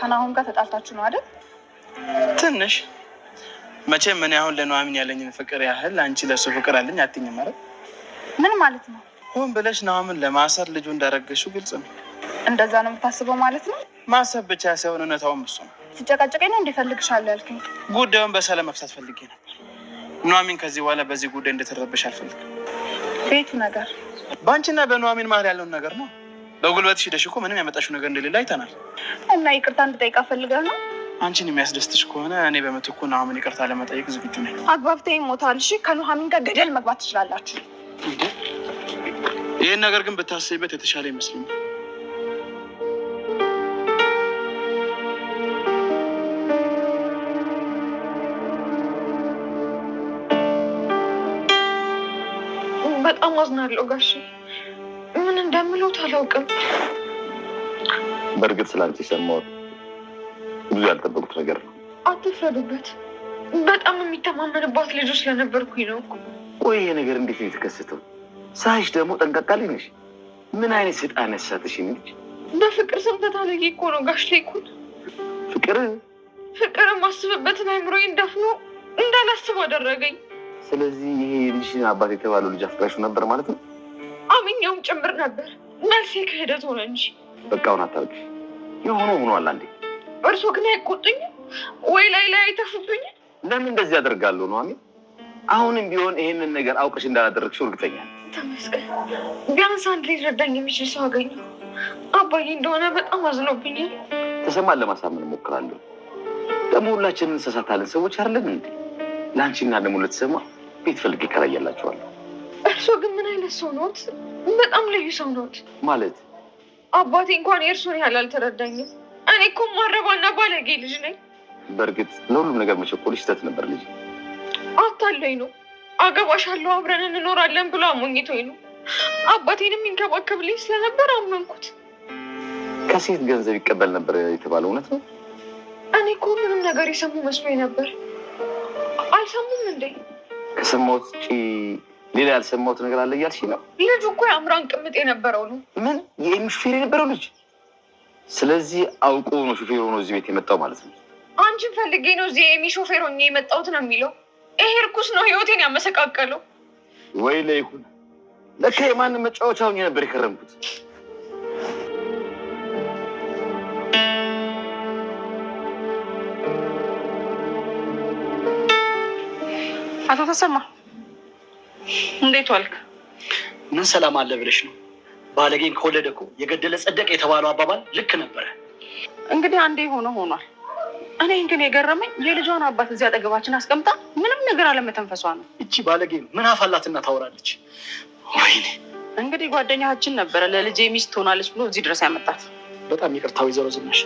ከናሁም ጋር ተጣልታችሁ ነው አይደል? ትንሽ መቼም እኔ አሁን ለኑሐሚን ያለኝን ፍቅር ያህል አንቺ ለእሱ ፍቅር አለኝ አትይኝም አይደል? ምን ማለት ነው? ሆን ብለሽ ኑሐሚንን ለማሰር ልጁ እንዳረገሽው ግልጽ ነው። እንደዛ ነው የምታስበው ማለት ነው? ማሰብ ብቻ ሳይሆን እውነታውም እሱ ነው። ሲጨቃጨቀኝ ነው እንዲፈልግሻለሁ ያልከኝ? ጉዳዩን በሰላም መፍታት ፈልጌ ነበር። ኑሐሚን ከዚህ በኋላ በዚህ ጉዳይ እንደተረበሽ አልፈልግም። ቤቱ ነገር በአንቺና በኑሐሚን መሀል ያለውን ነገር ነው በጉልበት ሄደሽ እኮ ምንም ያመጣሽው ነገር እንደሌለ አይተናል። እና ይቅርታ እንድጠይቅ ፈልገህ ነው? አንቺን የሚያስደስትሽ ከሆነ እኔ በምትኩ ናሆምን ይቅርታ ለመጠየቅ ዝግጁ ነኝ። አግባብተህ ሞታል። እሺ፣ ከኑሐሚን ጋር ገደል መግባት ትችላላችሁ። ይህን ነገር ግን ብታስቢበት የተሻለ ይመስለኛል። በጣም አዝናለሁ ጋሼ ብሎት አላውቅም። በእርግጥ ስላንቺ ሰማሁት ብዙ ያልጠበቁት ነገር ነው። አትፍረዱበት። በጣም የሚተማመንባት ልጁ ስለነበርኩኝ ነው። ቆይ ይሄ ነገር እንዴት ነው የተከሰተው? ሳይሽ ደግሞ ጠንቀቃ ላይ ነሽ። ምን አይነት ስልጣን ያሳትሽ ልጅ። በፍቅር ስም ተታለጌ እኮ ነው ጋሽ ላይኩን። ፍቅር ፍቅር የማስብበትን አይምሮዬን ደፍኖ እንዳላስብ አደረገኝ። ስለዚህ ይሄ ልጅ አባት የተባለው ልጅ አፍቅራሹ ነበር ማለት ነው? ጓደኛውም ጭምር ነበር። መልሴ ክህደት ሆነ እንጂ በቃ አሁን አታርግ የሆነ ሆኗል። አንዴ እርሶ ግን አይቆጡኝም ወይ? ላይ ላይ አይተፉብኝ? ለምን እንደዚህ ያደርጋሉ ነው አሚ። አሁንም ቢሆን ይህንን ነገር አውቀሽ እንዳላደረግሽ እርግጠኛ ተመስገን። ቢያንስ አንድ ሊረዳኝ የሚችል ሰው አገኘ አባዬ እንደሆነ በጣም አዝኖብኛል። ተሰማን ለማሳመን እሞክራለሁ። ደግሞ ሁላችንን እንሰሳታለን ሰዎች አይደለን እንዴ? ለአንቺና ደግሞ ለተሰማ ቤት ፈልግ ይከራያላችኋለሁ እርሶ ግን ምን አይነት ሰው ኖት? በጣም ልዩ ሰው ኖት። ማለት አባቴ እንኳን የእርሶን ያህል አልተረዳኝም። እኔ እኮ ማረባና ባለጌ ልጅ ነኝ። በእርግጥ ለሁሉም ነገር መቸኮል ስህተት ነበር። ልጅ አታለኝ ነው አገባሻለሁ አብረን እንኖራለን ብሎ አሞኝቶኝ ነው። አባቴንም ይንከባከብልኝ ስለነበር አመንኩት። ከሴት ገንዘብ ይቀበል ነበር የተባለ እውነት ነው? እኔ እኮ ምንም ነገር የሰሙ መስሎኝ ነበር። አልሰሙም እንዴ? ከሰማሁት ውጪ ሌላ ያልሰማሁት ነገር አለ እያልሽ ነው? ልጁ እኮ የአምራን ቅምጥ የነበረው ነው። ምን የኤሚ ሹፌር የነበረው ልጅ? ስለዚህ አውቆ ነው ሹፌር ሆኖ እዚህ ቤት የመጣው ማለት ነው። አንቺን ፈልጌ ነው እዚህ የኤሚ ሾፌር ሆኜ የመጣሁት ነው የሚለው። ይሄ እርኩስ ነው፣ ህይወቴን ያመሰቃቀለው። ወይ ለይሁን ለካ የማንም መጫወቻ ሆኜ ነበር የከረምኩት። አቶ ተሰማ እንዴት ዋልክ? ምን ሰላም አለ ብለሽ ነው? ባለጌን ከወለደ እኮ የገደለ ጸደቀ የተባለው አባባል ልክ ነበረ። እንግዲህ አንዴ የሆነ ሆኗል። እኔ ግን የገረመኝ የልጇን አባት እዚህ አጠገባችን አስቀምጣ ምንም ነገር አለመተንፈሷ ነው። እቺ ባለጌ ምን አፋላትና ታወራለች? ወይኔ እንግዲህ ጓደኛችን ነበረ ለልጄ ሚስት ትሆናለች ብሎ እዚህ ድረስ ያመጣት። በጣም ይቅርታ ወይዘሮ ዝናሽ፣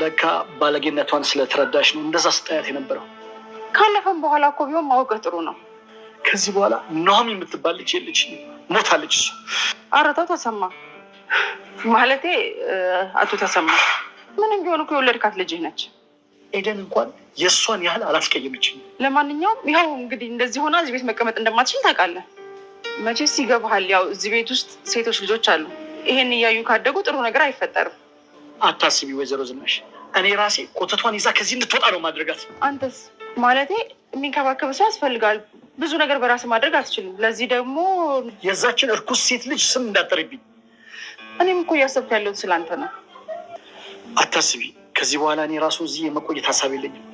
ለካ ባለጌነቷን ስለተረዳሽ ነው እንደዛ ስጠያት የነበረው። ካለፈም በኋላ እኮ ቢሆን ጥሩ ነው። ከዚህ በኋላ ኖሃም የምትባል ልጅ የለች፣ ሞታለች። እሱ ኧረ ተው ተሰማ፣ ማለቴ አቶ ተሰማ፣ ምንም ቢሆን እኮ የወለድካት ልጅህ ነች። ኤደን እንኳን የእሷን ያህል አላስቀየምች ለማንኛውም ይኸው እንግዲህ እንደዚህ ሆና እዚህ ቤት መቀመጥ እንደማትችል ታውቃለህ። መቼስ ይገባሃል። ያው እዚህ ቤት ውስጥ ሴቶች ልጆች አሉ። ይሄን እያዩ ካደጉ ጥሩ ነገር አይፈጠርም። አታስቢ ወይዘሮ ዝናሽ፣ እኔ ራሴ ቆተቷን ይዛ ከዚህ እንድትወጣ ነው ማድረጋት። አንተስ? ማለቴ የሚንከባከብ ሰው ያስፈልጋል። ብዙ ነገር በራስ ማድረግ አትችልም። ለዚህ ደግሞ የዛችን እርኩስ ሴት ልጅ ስም እንዳጠርብኝ። እኔም እኮ እያሰብኩ ያለሁት ስላንተ ነው። አታስቢ። ከዚህ በኋላ እኔ ራሱ እዚህ የመቆየት ሀሳብ የለኝም።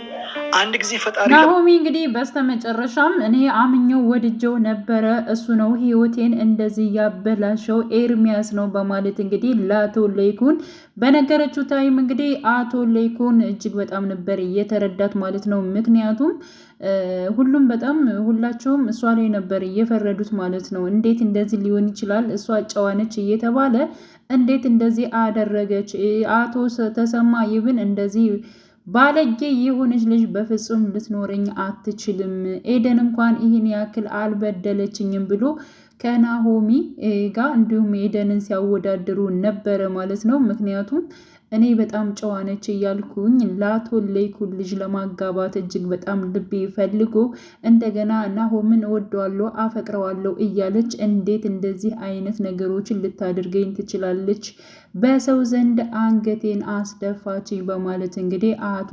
አንድ ጊዜ ፈጣሪ ናሆሚ እንግዲህ በስተመጨረሻም እኔ አምኘው ወድጀው ነበረ እሱ ነው ህይወቴን እንደዚህ ያበላሸው ኤርሚያስ ነው በማለት እንግዲህ ለአቶ ለይኩን በነገረችው ታይም እንግዲህ አቶ ለይኩን እጅግ በጣም ነበር እየተረዳት ማለት ነው። ምክንያቱም ሁሉም በጣም ሁላቸውም እሷ ላይ ነበር እየፈረዱት ማለት ነው። እንዴት እንደዚህ ሊሆን ይችላል? እሷ ጨዋነች እየተባለ እንዴት እንደዚህ አደረገች? አቶ ተሰማ ይብን እንደዚህ ባለጌ የሆነች ልጅ በፍጹም ልትኖረኝ አትችልም፣ ኤደን እንኳን ይህን ያክል አልበደለችኝም ብሎ ከናሆሚ ጋር እንዲሁም ኤደንን ሲያወዳድሩ ነበረ ማለት ነው። ምክንያቱም እኔ በጣም ጨዋነች እያልኩኝ ለአቶ ለይኩን ልጅ ለማጋባት እጅግ በጣም ልቤ ፈልጎ እንደገና ናሆምን እወደዋለሁ አፈቅረዋለሁ እያለች እንዴት እንደዚህ አይነት ነገሮችን ልታደርገኝ ትችላለች? በሰው ዘንድ አንገቴን አስደፋችኝ በማለት እንግዲህ አቶ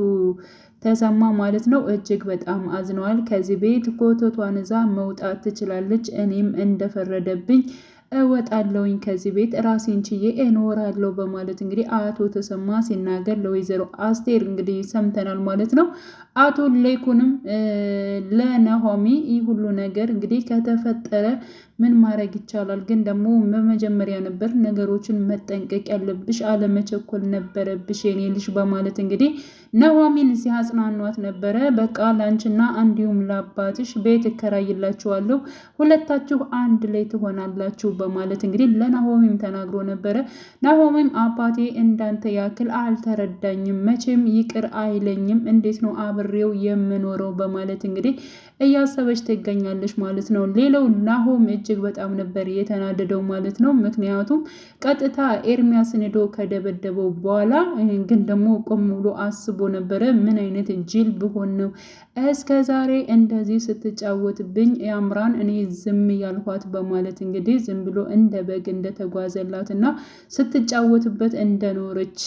ተሰማ ማለት ነው እጅግ በጣም አዝነዋል። ከዚህ ቤት ኮተቷን መውጣት ትችላለች። እኔም እንደፈረደብኝ አለውኝ ከዚህ ቤት ራሴን ችዬ እኖራለሁ በማለት እንግዲህ አቶ ተሰማ ሲናገር ለወይዘሮ አስቴር እንግዲህ ሰምተናል ማለት ነው። አቶ ሌኩንም ለነሆሚ ይህ ሁሉ ነገር እንግዲህ ከተፈጠረ ምን ማድረግ ይቻላል? ግን ደግሞ በመጀመሪያ ነበር ነገሮችን መጠንቀቅ ያለብሽ፣ አለመቸኮል ነበረብሽ የኔ ልጅ በማለት እንግዲህ ነዋሚን ሲያጽናኗት ነበረ። በቃ ላንችና እንዲሁም ለአባትሽ ቤት እከራይላችኋለሁ፣ ሁለታችሁ አንድ ላይ ትሆናላችሁ በማለት እንግዲህ ለናሆሚም ተናግሮ ነበረ። ናሆሚም አባቴ እንዳንተ ያክል አልተረዳኝም፣ መቼም ይቅር አይለኝም፣ እንዴት ነው አብሬው የምኖረው በማለት እንግዲህ እያሰበች ትገኛለች ማለት ነው። ሌላው ናሆም እጅግ በጣም ነበር የተናደደው ማለት ነው። ምክንያቱም ቀጥታ ኤርሚያስን ሄዶ ከደበደበው በኋላ ግን ደግሞ ቆም ብሎ አስቦ ነበረ። ምን አይነት ጅል ብሆን ነው እስከ ዛሬ እንደዚህ ስትጫወትብኝ ያምራን እኔ ዝም ያልኋት? በማለት እንግዲህ ዝም ብሎ እንደ በግ እንደተጓዘላት እና ስትጫወትበት እንደኖረች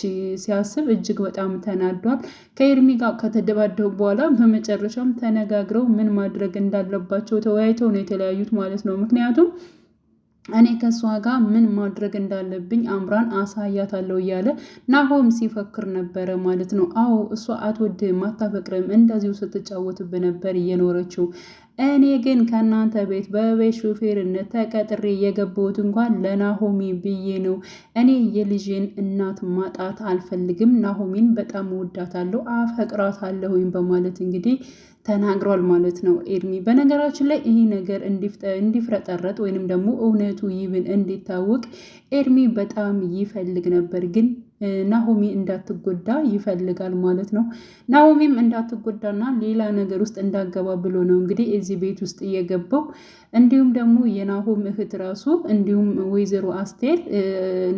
ሲያስብ እጅግ በጣም ተናዷል። ከኤርሚ ጋር ከተደባደቡ በኋላ በመጨረሻም ተነጋግረው ምን ማድረግ እንዳለባቸው ተወያይተው ነው የተለያዩት ማለት ነው ምክንያቱም እኔ ከእሷ ጋር ምን ማድረግ እንዳለብኝ አምራን አሳያታለሁ እያለ ናሆም ሲፈክር ነበረ ማለት ነው። አዎ እሷ አትወድህም፣ አታፈቅርም፣ እንደዚሁ ስትጫወትብህ ነበር እየኖረችው እኔ ግን ከእናንተ ቤት በቤት ሹፌርነት ተቀጥሬ የገባሁት እንኳን ለናሆሚ ብዬ ነው። እኔ የልጄን እናት ማጣት አልፈልግም። ናሆሚን በጣም እወዳታለሁ፣ አፈቅራታለሁኝ በማለት እንግዲህ ተናግሯል ማለት ነው ኤርሚ። በነገራችን ላይ ይሄ ነገር እንዲፍረጠረጥ ወይንም ደግሞ እውነቱ ይብን እንዲታወቅ ኤርሚ በጣም ይፈልግ ነበር ግን ናሆሚ እንዳትጎዳ ይፈልጋል ማለት ነው። ናሆሚም እንዳትጎዳና ሌላ ነገር ውስጥ እንዳገባ ብሎ ነው እንግዲህ እዚህ ቤት ውስጥ እየገባው እንዲሁም ደግሞ የናሆም እህት ራሱ እንዲሁም ወይዘሮ አስቴር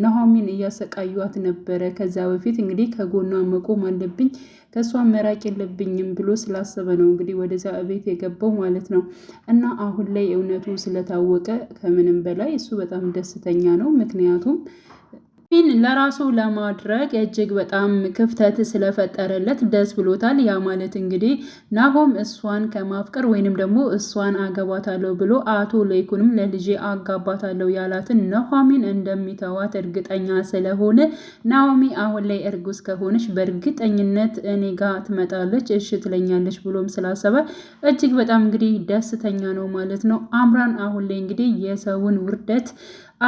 ናሆሚን እያሰቃዩት ነበረ። ከዛ በፊት እንግዲህ ከጎኗ መቆም አለብኝ ከእሷ መራቅ የለብኝም ብሎ ስላሰበ ነው እንግዲህ ወደዛ ቤት የገባው ማለት ነው። እና አሁን ላይ እውነቱ ስለታወቀ ከምንም በላይ እሱ በጣም ደስተኛ ነው። ምክንያቱም ይህን ለራሱ ለማድረግ እጅግ በጣም ክፍተት ስለፈጠረለት ደስ ብሎታል። ያ ማለት እንግዲህ ናሆም እሷን ከማፍቀር ወይንም ደግሞ እሷን አገባታለሁ ብሎ አቶ ለይኩንም ለልጄ አጋባታለሁ ያላትን ኑሐሚን እንደሚተዋት እርግጠኛ ስለሆነ ናኦሚ አሁን ላይ እርጉዝ ከሆነች በእርግጠኝነት እኔ ጋ ትመጣለች፣ እሽ ትለኛለች ብሎም ስላሰበ እጅግ በጣም እንግዲህ ደስተኛ ነው ማለት ነው። አምራን አሁን ላይ እንግዲህ የሰውን ውርደት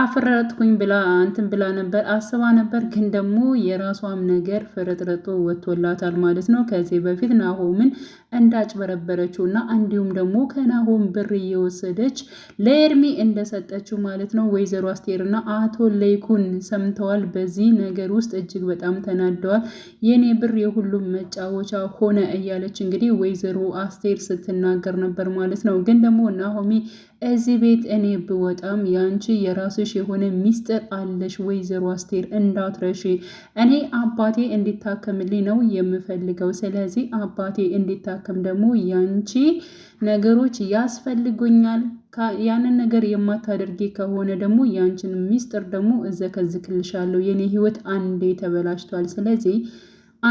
አፍረጥኩኝ ብላ እንትን ብላ ነበር አስባ ነበር። ግን ደግሞ የራሷም ነገር ፍርጥርጡ ወጥቶላታል ማለት ነው። ከዚህ በፊት ናሆምን እንዳጭበረበረችው እና እንዲሁም ደግሞ ከናሆም ብር እየወሰደች ለኤርሚ እንደሰጠችው ማለት ነው። ወይዘሮ አስቴርና አቶ ለይኩን ሰምተዋል። በዚህ ነገር ውስጥ እጅግ በጣም ተናደዋል። የኔ ብር የሁሉም መጫወቻ ሆነ እያለች እንግዲህ ወይዘሮ አስቴር ስትናገር ነበር ማለት ነው። ግን ደግሞ ናሆሚ እዚህ ቤት እኔ ብወጣም ያንቺ የራስሽ የሆነ ሚስጥር አለሽ ወይዘሮ አስቴር እንዳትረሺ። እኔ አባቴ እንዲታከምልኝ ነው የምፈልገው። ስለዚህ አባቴ እንዲታከም ደግሞ ያንቺ ነገሮች ያስፈልጉኛል። ያንን ነገር የማታደርጊ ከሆነ ደግሞ ያንቺን ሚስጥር ደግሞ እዘከዝክልሻለሁ። የኔ ህይወት አንዴ ተበላሽቷል። ስለዚህ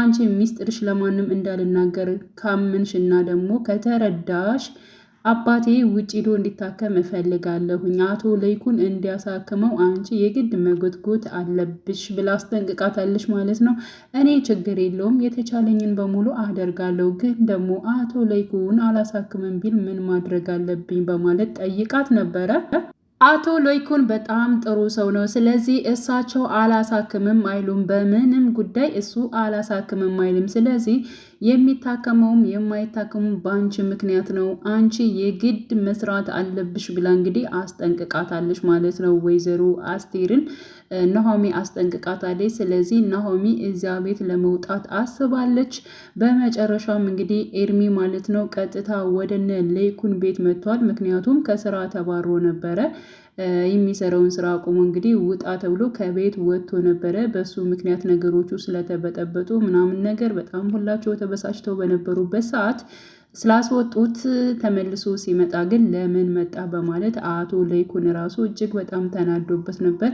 አንቺ ሚስጥርሽ ለማንም እንዳልናገር ካመንሽ እና ደግሞ ከተረዳሽ አባቴ ውጭ ሄዶ እንዲታከም እፈልጋለሁኝ አቶ ለይኩን እንዲያሳክመው አንቺ የግድ መጎትጎት አለብሽ ብላ አስጠንቅቃታለች ማለት ነው። እኔ ችግር የለውም የተቻለኝን በሙሉ አደርጋለሁ፣ ግን ደግሞ አቶ ለይኩን አላሳክምም ቢል ምን ማድረግ አለብኝ በማለት ጠይቃት ነበረ። አቶ ሎይኩን በጣም ጥሩ ሰው ነው። ስለዚህ እሳቸው አላሳክምም አይሉም፣ በምንም ጉዳይ እሱ አላሳክምም አይልም። ስለዚህ የሚታከመውም የማይታከሙም በአንቺ ምክንያት ነው፣ አንቺ የግድ መስራት አለብሽ ብላ እንግዲህ አስጠንቅቃታለች ማለት ነው። ወይዘሮ አስቴርን ናሆሚ አስጠንቅቃታለች። ስለዚህ ናሆሚ እዚያ ቤት ለመውጣት አስባለች። በመጨረሻም እንግዲህ ኤርሚ ማለት ነው ቀጥታ ወደነ ሌይኩን ቤት መጥቷል። ምክንያቱም ከስራ ተባሮ ነበረ። የሚሰራውን ስራ አቁሞ እንግዲህ ውጣ ተብሎ ከቤት ወጥቶ ነበረ። በሱ ምክንያት ነገሮቹ ስለተበጠበጡ ምናምን ነገር በጣም ሁላቸው ተበሳጭተው በነበሩበት ሰዓት ስላስወጡት ተመልሶ ሲመጣ ግን ለምን መጣ በማለት አቶ ለይኩን ራሱ እጅግ በጣም ተናዶበት ነበር።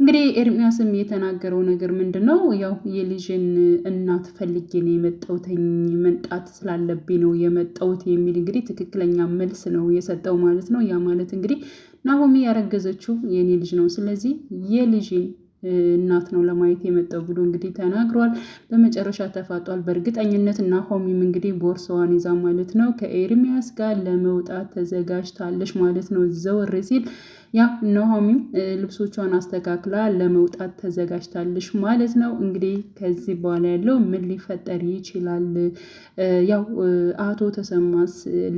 እንግዲህ ኤርሚያስም የተናገረው ነገር ምንድን ነው? ያው የልጅን እናት ፈልጌ ነው የመጣውተኝ መምጣት ስላለብኝ ነው የመጣውት የሚል እንግዲህ ትክክለኛ መልስ ነው የሰጠው ማለት ነው። ያ ማለት እንግዲህ ናሆሚ ያረገዘችው የኔ ልጅ ነው፣ ስለዚህ የልጅን እናት ነው ለማየት የመጣው ብሎ እንግዲህ ተናግሯል። በመጨረሻ ተፋጧል። በእርግጠኝነት ናሆሚም እንግዲህ ቦርሳዋን ይዛ ማለት ነው ከኤርሚያስ ጋር ለመውጣት ተዘጋጅታለች ማለት ነው ዘወር ሲል ያ ኑሃሚን ልብሶቿን አስተካክላ ለመውጣት ተዘጋጅታለች ማለት ነው። እንግዲህ ከዚህ በኋላ ያለው ምን ሊፈጠር ይችላል? ያው አቶ ተሰማስ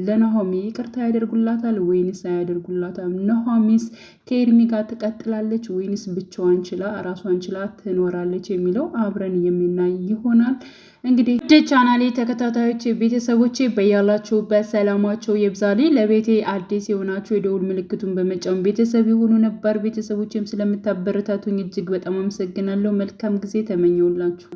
ለኑሃሚ ይቅርታ ያደርጉላታል ወይንስ አያደርጉላታል? ኑሃሚንስ ከኤርሚ ጋር ትቀጥላለች ወይንስ ብቻዋን ችላ ራሷን ችላ ትኖራለች የሚለው አብረን የምናይ ይሆናል። እንግዲህ ደ ቻናሌ ተከታታዮች ቤተሰቦቼ በያላችሁበት ሰላማቸው የብዛሌ ለቤቴ አዲስ የሆናችሁ የደውል ምልክቱን በመጫን ቤተሰ ቤተሰብ የሆኑ ነባር ቤተሰቦችም ስለምታበረታቱኝ እጅግ በጣም አመሰግናለሁ። መልካም ጊዜ ተመኘውላችሁ።